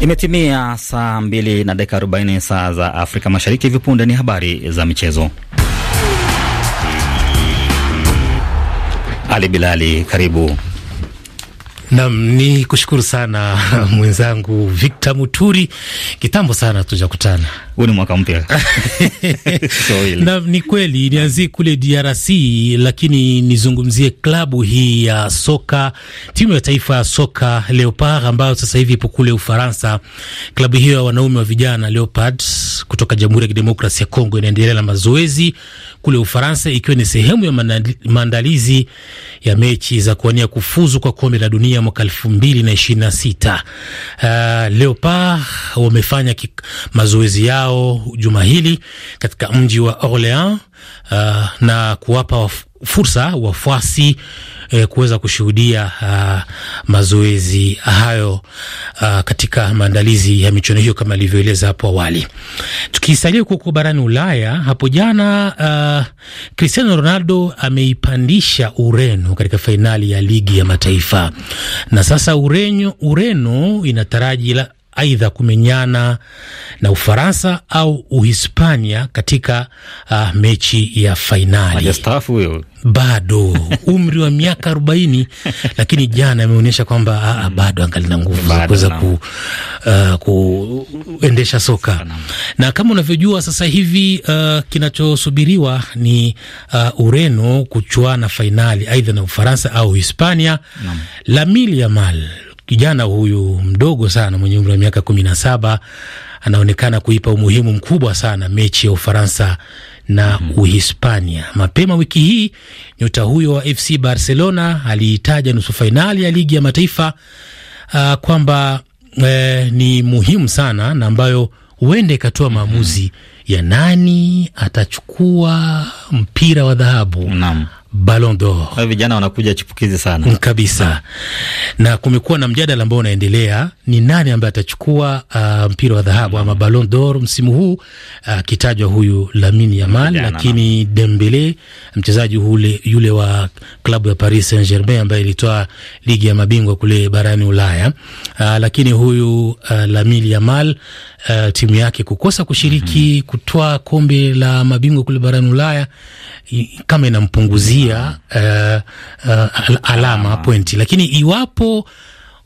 Imetimia saa 2 na dakika 40 saa za Afrika Mashariki. Hivi punde ni habari za michezo. Ali Bilali, karibu. Nam ni kushukuru sana mwenzangu Victor Muturi, kitambo sana tujakutana. Huu ni mwaka mpya nam, ni kweli. Nianzie kule DRC, lakini nizungumzie klabu hii ya soka, timu ya taifa ya soka Leopard ambayo sasa hivi ipo kule Ufaransa. Klabu hiyo ya wanaume wa vijana Leopard kutoka Jamhuri ya Kidemokrasi ya Kongo inaendelea na mazoezi kule Ufaransa, ikiwa ni sehemu ya maandalizi ya mechi za kuwania kufuzu kwa kombe la dunia mwaka elfu mbili na ishirini na sita. Uh, Leopard wamefanya mazoezi yao juma hili katika mji wa Orleans uh, na kuwapa fursa wafuasi eh, kuweza kushuhudia ah, mazoezi hayo uh, katika maandalizi ya michuano hiyo kama alivyoeleza hapo awali. Tukisalia huko barani Ulaya, hapo jana uh, Cristiano Ronaldo ameipandisha Ureno katika fainali ya ligi ya mataifa na sasa Ureno, Ureno inataraji la aidha kumenyana na Ufaransa au Uhispania katika uh, mechi ya fainali bado umri wa miaka arobaini lakini jana ameonyesha kwamba ah, ah, bado angali na nguvu za kuweza ku, uh, kuendesha soka na kama unavyojua sasa hivi uh, kinachosubiriwa ni uh, Ureno kuchuana fainali aidha na Ufaransa au Hispania. Lamine Yamal kijana huyu mdogo sana mwenye umri wa miaka kumi na saba anaonekana kuipa umuhimu mkubwa sana mechi ya Ufaransa na mm -hmm. Uhispania. Mapema wiki hii nyota huyo wa FC Barcelona aliitaja nusu fainali ya ligi ya mataifa uh, kwamba eh, ni muhimu sana na ambayo huenda ikatoa maamuzi mm -hmm. ya nani atachukua mpira wa dhahabu Ballon d'Or. Vijana wanakuja chipukizi sana mm, kabisa ha. Na kumekuwa na mjadala ambao unaendelea ni nani ambaye atachukua uh, mpira wa dhahabu mm -hmm. ama Ballon d'Or msimu huu uh, akitajwa uh, huyu Lamine Yamal Vijana, lakini na Dembele mchezaji hule, yule wa klabu ya Paris Saint-Germain ambaye ilitoa ligi ya mabingwa kule barani Ulaya uh, lakini huyu uh, Lamine Yamal uh, timu yake kukosa kushiriki mm -hmm. kutoa kombe la mabingwa kule barani Ulaya kama inampunguzia kujipatia uh, eh, uh, eh, alama pointi, lakini iwapo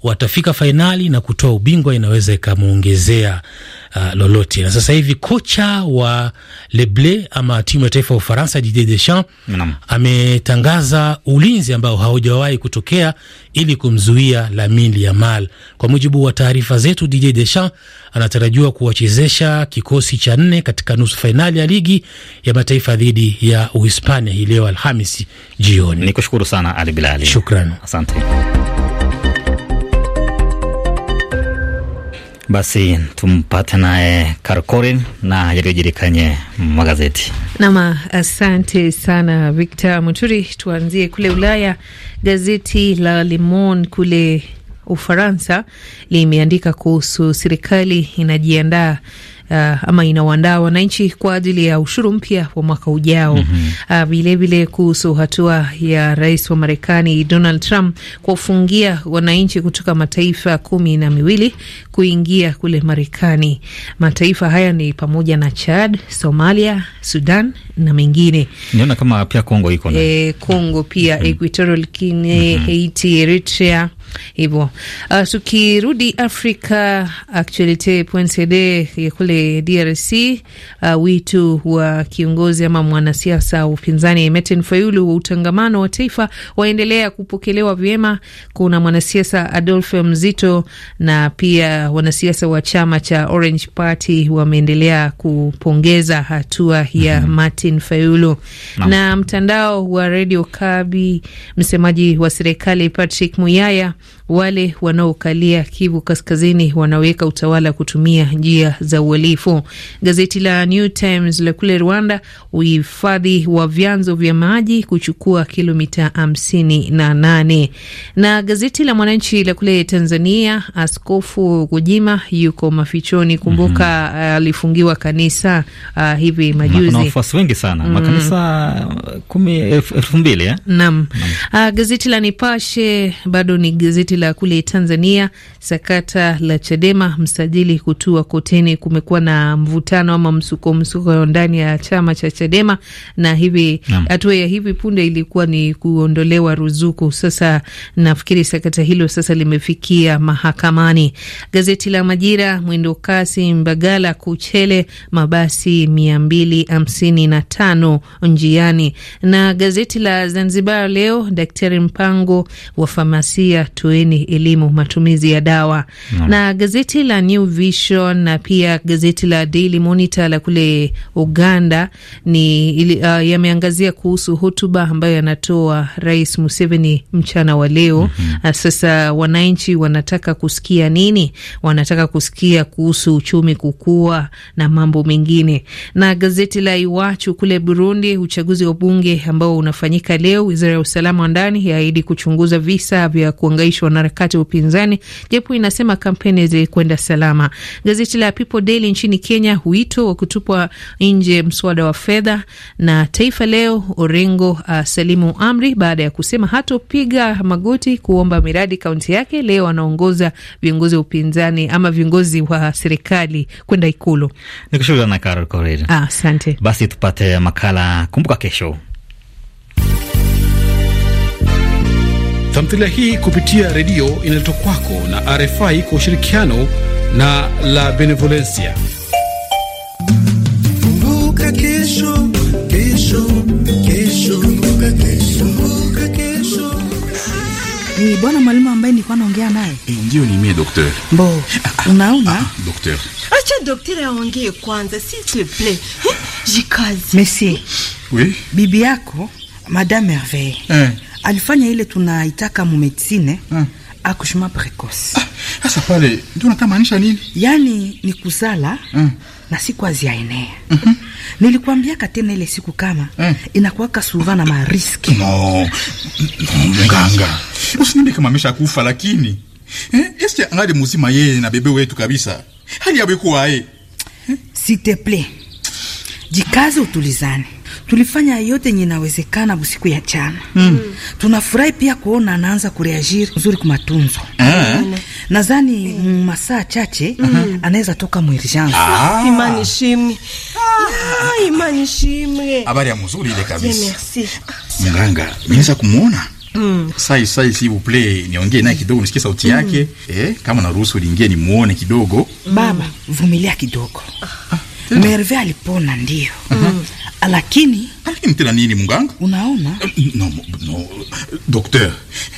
watafika fainali na kutoa ubingwa inaweza ikamwongezea uh, lolote. Na sasa hivi kocha wa Leble ama timu ya taifa ya Ufaransa Didier Deschamps ametangaza ulinzi ambao haujawahi kutokea ili kumzuia Lamine Yamal. Kwa mujibu wa taarifa zetu, Didier Deschamps anatarajiwa kuwachezesha kikosi cha nne katika nusu fainali ya ligi ya mataifa dhidi ya Uhispania hii leo Alhamisi jioni. Nikushukuru sana Ali Bilali. Shukran. Asante. Basi tumpate naye Karkorin na yaliyojiri kwenye magazeti. Nam, asante sana Victor Muturi. Tuanzie kule Ulaya. Gazeti la Le Monde kule Ufaransa limeandika kuhusu serikali inajiandaa uh, ama inawaandaa wananchi kwa ajili ya ushuru mpya wa mwaka ujao. Vilevile mm -hmm. uh, vile kuhusu hatua ya rais wa Marekani Donald Trump kuwafungia wananchi kutoka mataifa kumi na miwili kuingia kule Marekani. Mataifa haya ni pamoja na Chad, Somalia, Sudan na mengine. Niona kama pia Kongo iko na eh, Kongo pia, mhm. Equatorial Guinea, mhm. Haiti, Eritrea hivyo. Uh, tukirudi Afrika Actualite CD kule DRC, uh, witu wa kiongozi ama mwanasiasa wa upinzani martin Fayulu wa utangamano wa taifa waendelea kupokelewa vyema. Kuna mwanasiasa adolfe Mzito na pia wanasiasa wa chama cha Orange Party wameendelea kupongeza hatua ya mm -hmm. Martin Fayulu no. na mtandao wa Radio Kabi, msemaji wa serikali Patrick Muyaya wale wanaokalia Kivu Kaskazini wanaweka utawala kutumia njia za uhalifu. Gazeti la New Times la kule Rwanda, uhifadhi wa vyanzo vya maji kuchukua kilomita hamsini na nane. Na gazeti la Mwananchi la kule Tanzania, Askofu Kujima yuko mafichoni. Kumbuka mm -hmm. alifungiwa kanisa uh, hivi majuzi wafuasi wengi sana mm. makanisa uh, kumi elfu mbili eh? Naam. Naam. Uh, gazeti la Nipashe bado ni gazeti la kule Tanzania, sakata la Chadema msajili kutua kotini. Kumekuwa na mvutano ama msuko msuko ndani ya chama cha Chadema na hivi hatua ya hivi punde ilikuwa ni kuondolewa ruzuku. Sasa nafikiri sakata hilo sasa limefikia mahakamani. Gazeti la Majira, mwendo kasi Mbagala Kuchele, mabasi mia mbili hamsini na tano njiani. Na gazeti la Zanzibar Leo, daktari mpango wa famasia toeni elimu matumizi ya dawa na, Na gazeti la New Vision na pia gazeti la Daily Monitor la kule Uganda ni uh, yameangazia kuhusu hotuba ambayo anatoa Rais Museveni mchana wa leo mm -hmm. Sasa wananchi wanataka kusikia nini? Wanataka kusikia kuhusu uchumi kukua na mambo mengine. Na gazeti la Iwachu kule Burundi, uchaguzi wa bunge ambao unafanyika leo, wizara ya usalama wa ndani yaahidi kuchunguza visa vya kuangaisha kuwashawishi wanaharakati wa upinzani, japo inasema kampeni zilikwenda salama. Gazeti la People Daily nchini Kenya, wito wa kutupwa nje mswada wa fedha. Na Taifa Leo, Orengo uh, salimu amri baada ya kusema hatopiga magoti kuomba miradi kaunti yake. Leo anaongoza viongozi wa upinzani ama viongozi wa serikali kwenda Ikulu. Nikushukuru sana Carol Korir. Ah, asante. Ah, basi tupate makala kumbuka kesho. Tamthilia hii kupitia redio inaletwa kwako na RFI kwa ushirikiano na La Benevolencia. Ni bwana mwalimu ambaye nilikuwa naongea naye. Eh, ndio ni mimi daktari. Mbo. Unaona? Ah, ah Acha daktari aongee kwanza, s'il te plaît. Jikaze. Monsieur. Oui. Bibi yako Madame Hervé. Eh alifanya ile tunaitaka mumedisine hmm. Ah. akushma precoce. Ah, sasa pale ndio nini? yani ni kuzala hmm. na siku aziaenea mm -hmm. nilikuambia tena ile siku kama hmm. inakuwaka suva na mariski no. No, mganga usiniambie kama kufa lakini eh, este angali muzima yeye na bebe wetu kabisa hali yabekuwaye eh? S'il te plaît jikaze utulizane tulifanya yote yenye inawezekana busiku ya chana mm. Tunafurahi pia kuona anaanza kureagiri nzuri kwa matunzo mm. Nadhani mm. masaa chache mm. anaweza toka mwirjansi ah. Imani shimwe ah. Imani shimwe, ah. ah, habari ya mzuri ile kabisa. Mganga Mm. Sai sai si niongee naye kidogo nisikie sauti yake mm. Eh, kama naruhusu nimuone kidogo. Baba, vumilia kidogo. Ah. Merve alipona ndio, mm. Lakini lakini tena nini munganga? Unaona? Eh, no, no, docteur.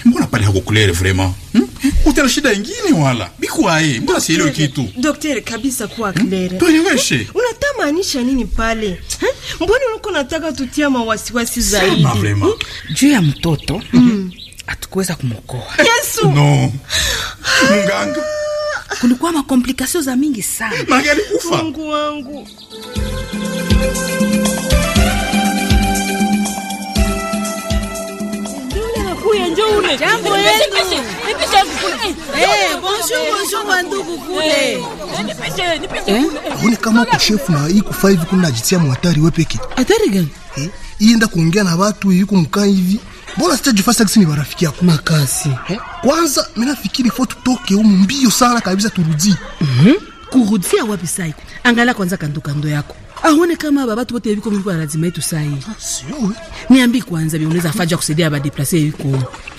Mbona pale hako hakukulele vraiment? Hmm? Utena shida ingine wala. Bikuwae, mbona sielewi kitu. Docteur kabisa kuwa klere. Hmm? Tueleweshe. Eh, Unatamanisha nini pale? Eh, mbona uko nataka tutia mawasiwasi zaidi? Sema vraiment. Hmm? Juu ya mtoto. Mm. Hatukuweza kumwokoa. Yesu. No. Ah. Munganga kulikuwa makomplikasio za mingi sana. Maria alikufa. Mungu wangu. Jambo yenu. Eh, nipishe kule. kama kushefu na hii kufa hivi kuna jitia mwatari wepeke. peke. Hatari gani? Eh, ienda kuongea na watu yuko mkaa hivi Bora sitaji fast taxi ni marafiki yako. Makasi. Eh? Kwanza mimi nafikiri fo tutoke huko mbio sana kabisa turudi. Mhm. Mm Kurudia wapi saiko? angala kwanza kando kando yako. Aone kama baba tu bote biko mko lazima yetu sahi. Ah, sio. Eh? Niambi kwanza bi unaweza faja kusaidia ba deplacer yuko.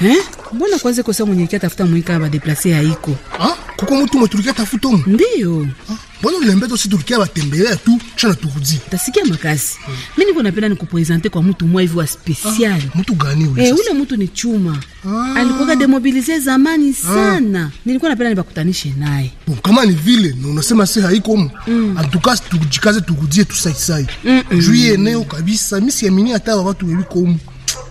Eh? Mbona kwanza kosa mwenye kia tafuta mwika ba deplacer haiko? Ah, kuko mtu mtulikia tafuta. Ndio. Ah bwana ulembeta si tulikia batembelea tu kisha naturudi. Tasikia makasi Mimi niko napenda nikupresente kwa mtu mmoja hivi wa special. Ah, mtu gani ule? Eh, ule mtu ni Chuma. Ah. Alikuwa demobilize zamani sana. Ah. Nilikuwa napenda nibakutanishe naye. Kama ni vile na unasema si haiko mu. Mm. Antukas tujikaze turudie tusaisai. Mm -mm. Juu eneo kabisa mimi siamini hata watu wiko mu.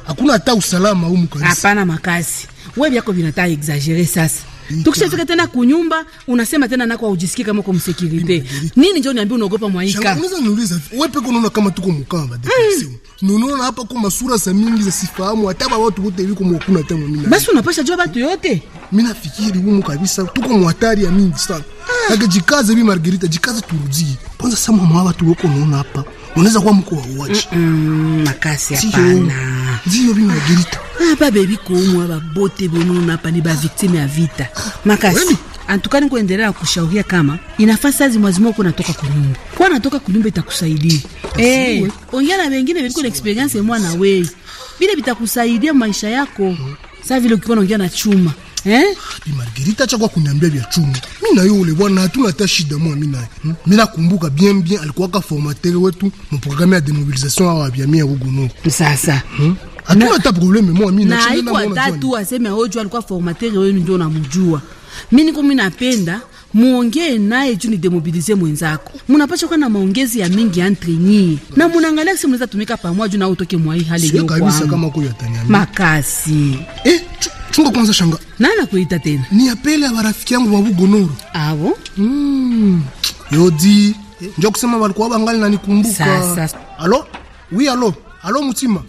Hakuna hata usalama humu kabisa. Hapana makasi. Wewe vyako vinataa exagere sasa. Tukishafika tena kunyumba unasema tena nako haujisikii kama uko msecurity. Nini njoo niambie unaogopa mwaika? Unaweza niuliza wewe peke unaona kama tuko mkamba depression. Mm. Unaona hapa kwa masura za mingi za sifahamu hata watu wote wiko kwa mkuna tena. mimi. Basi unapasha jua watu yote. Mimi nafikiri humu kabisa tuko mwatari ya mingi sana. Ah. Kaka jikaze bi Margarita jikaze turudi. Kwanza sama mama watu wako unaona hapa. Unaweza kuwa mko wa watch. Mm, makasi hapana. Ndio bi Margarita babebi kuumwa babote bonono na ni baviktime ya vita makasi antuka kuendelea kushauria kama inafaa sazi mwazima uko natoka kulumba kwa natoka kulumba itakusaidia eh, ongea na wengine wengi na experience mwana we vile vitakusaidia maisha yako sasa vile ukiwa naongea na chuma eh Margarita chakwa kuniambia vya chuma mimi na yule ule bwana hatuna hata shida mwa mimi naye mimi hmm? nakumbuka bien bien alikuwa ka formateur wetu mu programme ya demobilisation wa vya mia huko sasa hmm? hatuna hata probleme mwami na haiko atatu aseme ojo alikuwa formateur wenu ndio namjua mimi niko mimi napenda muongee naye juu ni demobilize mwenzako. Mnapasha kuwa na maongezi ya mingi entre nyinyi na mnaangalia kisi mnaweza tumika pamoja juu na utoke mwa hii hali hiyo. Kabisa kama kwa Tanzania. Makasi. Eh, chunga kwanza shanga. Nani anakuita tena? Ni apele ya rafiki yangu wa Bugonoro. Abo? Mm. Yodi. Eh, njoo kusema walikuwa bangali na nikumbuka. Sasa. Alo? Oui, alo. Alo Mutima.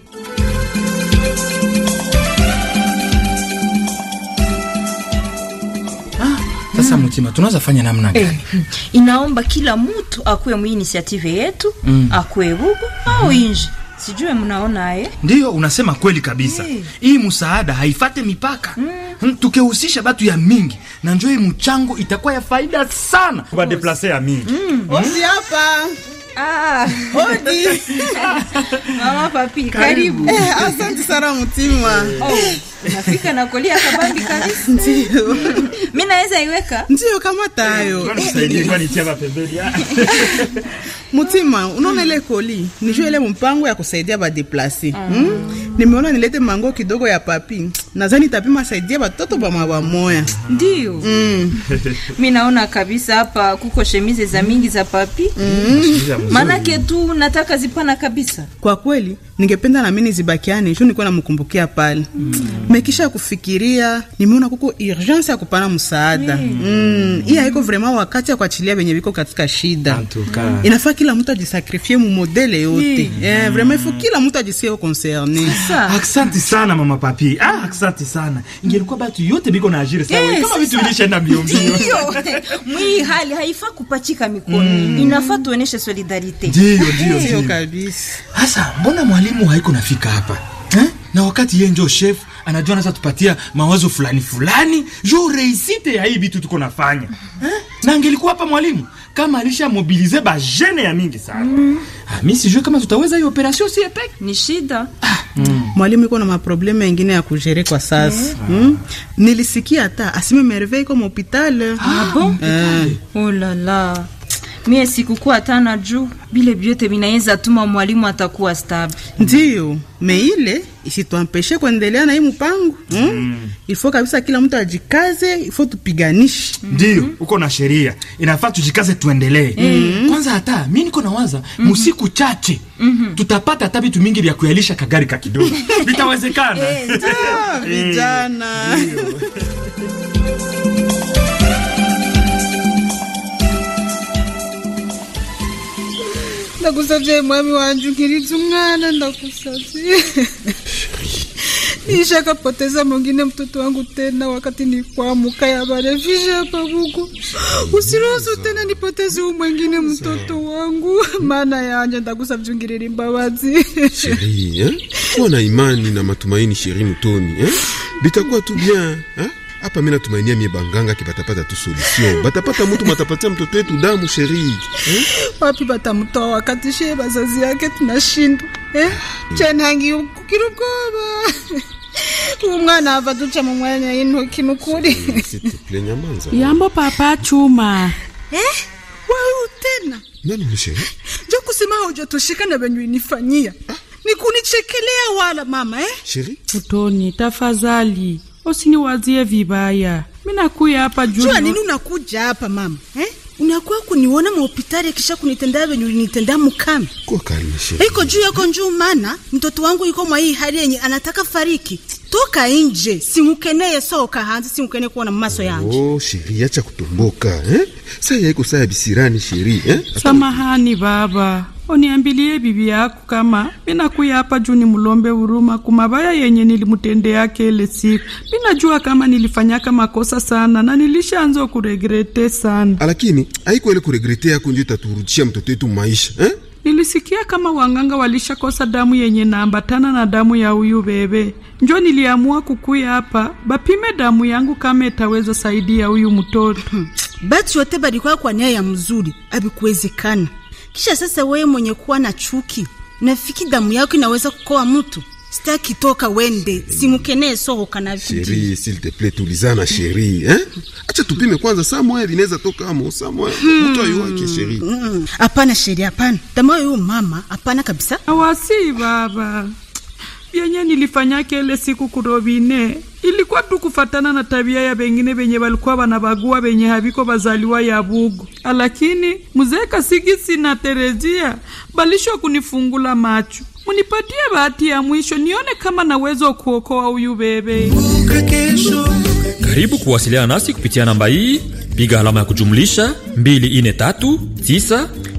sasa Mutima, tunaweza fanya namna gani? Eh, hmm. Inaomba kila mtu akuwe mu initiative yetu mm. akuwe huko au hmm. inji Sijue mnaona eh? Ndiyo, unasema kweli kabisa. Eh. Hii msaada haifate mipaka hmm. mm. tukehusisha batu ya mingi na njoo hii mchango itakuwa ya faida sana kwa ya mingi mm. hapa Ah, hodi Mama Papi, karibu. Eh, asante sana Mutima. Oh nafika na kolia kabambi kabisa ndio mimi naweza iweka ndio kama tayo mutima unaona ile koli nijue ile mpango ya kusaidia badeplase ah. mm. mm. nimeona nilete mango kidogo ya papi nazani tapima saidia batoto bamaba moya ndio mm. mi naona kabisa hapa kuko shemize za mingi za papi mm. maanake tu nataka zipana kabisa kwa kweli ningependa na mimi zibakiani juu niko namkumbukia pale mm. mekisha kufikiria nimeona kuko urgence ya kupana msaada mm. mm. hii haiko vraiment wakati ya kuachilia wenye viko katika shida mm. inafaa kila mtu ajisakrifie mu modele yote mm. eh, vraiment ifo kila mtu ajisikie concerne asante sana mama papi ah asante sana ingelikuwa batu yote biko na ajira sawa yes, kama vitu vilishaenda mbio mbio mwi hali haifa kupachika mikono mm. inafaa tuoneshe solidarite ndio ndio kabisa hasa mbona mwali mwalimu haiko nafika hapa eh? na wakati yeye njo chef anajua anaweza tupatia mawazo fulani fulani jo reisite ya hii vitu tuko nafanya eh? na angelikuwa hapa mwalimu kama alisha mobilize ba bajene ya mingi sana mm. ah, mi sijue kama tutaweza hiyo operation si epek ni shida ah. mm. mwalimu iko na maprobleme mengine ya kujere kwa sasa mm. mm. nilisikia hata asime merve iko mhospitali ah, ah, bon? eh. oh, la la mie sikukuwa tana juu bile vyote vinaweza tuma mwalimu atakuwa stable. Ndiyo meile isitwampeshe kuendelea na hii mpango hmm? mm? mm. Ifo kabisa kila mtu ajikaze, ifo tupiganishe. ndio mm -hmm. Uko na sheria inafaa tujikaze, tuendelee mm -hmm. Kwanza hata mi niko nawaza mm -hmm. musiku chache mm -hmm. tutapata hata vitu mingi vya kuyalisha kagari ka kidogo vitawezekana eh, vijana ndagusavye mwami wanje unkirize umwana ndagusavye nishaka poteza mwingine mtoto wangu tena wakati ni kwa muka ya barevisha hapa buku usiruhusu tena nipoteze huu mwingine mtoto wangu maana yanje ndagusavye imbabazi sheri eh? kuwa na imani na matumaini sheri mutoni eh? bitakuwa tu bien eh? Hapa mi natumainia mie banganga kipatapata tu solution. Batapata mutu matapatia mtoto wetu damu sheri. Eh? Wapi batamtoa wakati she bazazi yake tunashindwa. Eh? Ah, Chanangi ukirukoba. Umwana hapa tucha mumwanya mwanya ino Yambo papa chuma. Eh? wau tena. Nani ni Njo kusema hujatosheka na venyu inifanyia Ah? nikunichekelea wala mama eh? Sheri? Utoni tafadhali usiniwazie vibaya. Mimi nakuja hapa juu. Jua nini unakuja hapa mama? Eh? Unakuwa kuniona mhospitali kisha kunitendea venye ulinitendea mkame. Kwa kalisha. Eh, iko juu yako njuu maana mtoto wangu yuko mwa hii hali yenye anataka fariki. Toka nje, simukeneye soka hanzi simukeneye kuona maso yanje. Oh, sheri acha kutomboka, eh? Sasa iko saa bisirani sheri, eh? Samahani baba. Uniambilie bibi yako kama mina hapa juu ni mulombe huruma kumabaya yenye nilimutendea kele siku. Minajua kama nilifanyaka makosa sana na nilishaanza kuregrete sana, ah, lakini haiko ile kuregrete yako ndio itaturudishia mtoto wetu maisha eh? Nilisikia kama wanganga walishakosa damu yenye naambatana na damu ya huyu bebe, njo niliamua kukuya hapa bapime damu yangu kama itaweza saidia huyu mtoto. Hmm. Batu yote balikuwa kwa nia ya mzuri, abikuwezekana kisha sasa wewe mwenye kuwa na chuki, nafiki damu yako inaweza kukoa mtu. Sitaki toka wende, simukenee soho kana Sheri, s'il te plaît, tulizana sheri, eh? Acha tupime kwanza Samuel inaweza toka amo Samuel. Hmm. Mtu ayo sheri. Hmm. Hapana hmm. Sheri, hapana. Damu yao mama, hapana kabisa. Awasi baba. Yenye nilifanya kele siku kurobine ilikuwa tu kufatana na tabia ya bengine benye balikuwa banabagua benye haviko bazaliwa ya bugu. alakini mzee Kasigisi na Terezia balisho kunifungula macho. Munipatie bahati ya mwisho nione kama naweza kuokoa huyu bebe. Karibu kuwasiliana nasi kupitia namba hii, piga alama ya kujumlisha 2439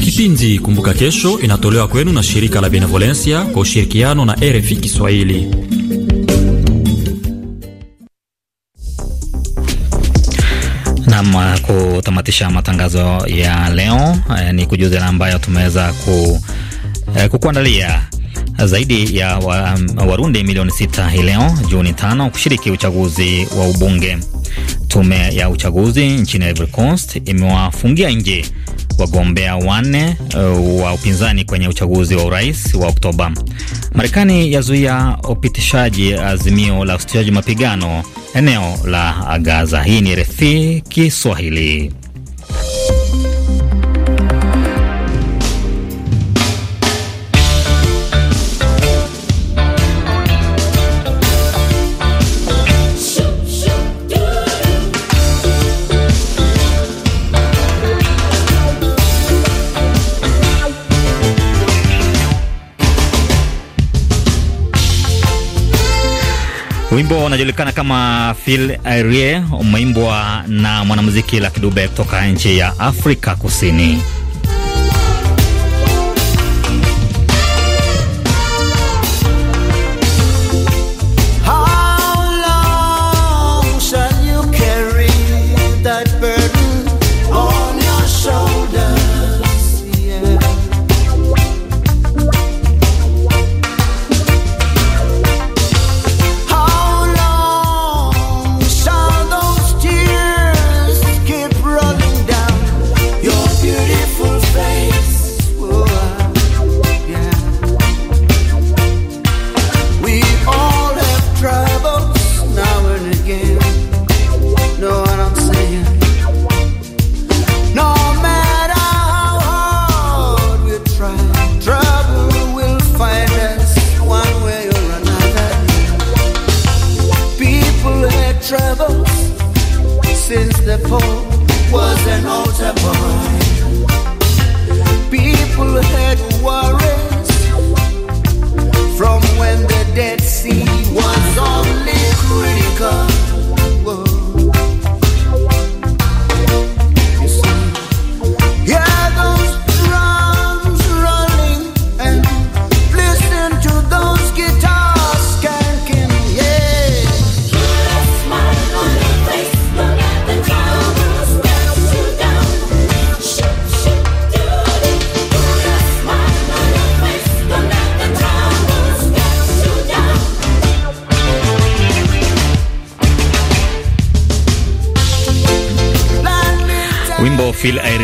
Kipindi Kumbuka Kesho inatolewa kwenu na shirika la Benevolencia kwa ushirikiano na RFI Kiswahili. Nam, uh, kutamatisha matangazo ya leo eh, ni kujuza na ambayo tumeweza ku, eh, kukuandalia zaidi ya wa, um, Warundi milioni sita hii leo Juni tano kushiriki uchaguzi wa ubunge. Tume ya uchaguzi nchini Ivory Coast imewafungia nje wagombea wanne uh, wa upinzani kwenye uchaguzi wa urais wa Oktoba. Marekani yazuia upitishaji azimio la usitishaji mapigano eneo la Gaza. Hii ni RFI Kiswahili. Wimbo unajulikana kama Fil Arie umeimbwa na mwanamuziki la Kidube kutoka nchi ya Afrika Kusini.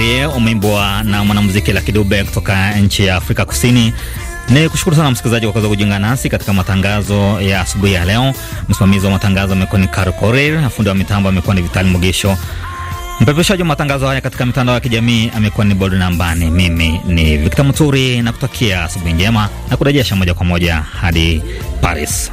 Mie umeimbwa na mwanamuziki Lucky Dube kutoka nchi ya Afrika Kusini. Ni kushukuru sana msikilizaji kwa kuweza kujiunga nasi katika matangazo ya asubuhi ya leo. Msimamizi wa matangazo amekuwa ni Caro Korir, afundi wa mitambo amekuwa ni Vitali Mugisho, mpepeshaji wa matangazo haya katika mitandao ya kijamii amekuwa ni Bold Nambani. Mimi ni Victor Muturi na kutakia asubuhi njema na kurejesha moja kwa moja hadi Paris.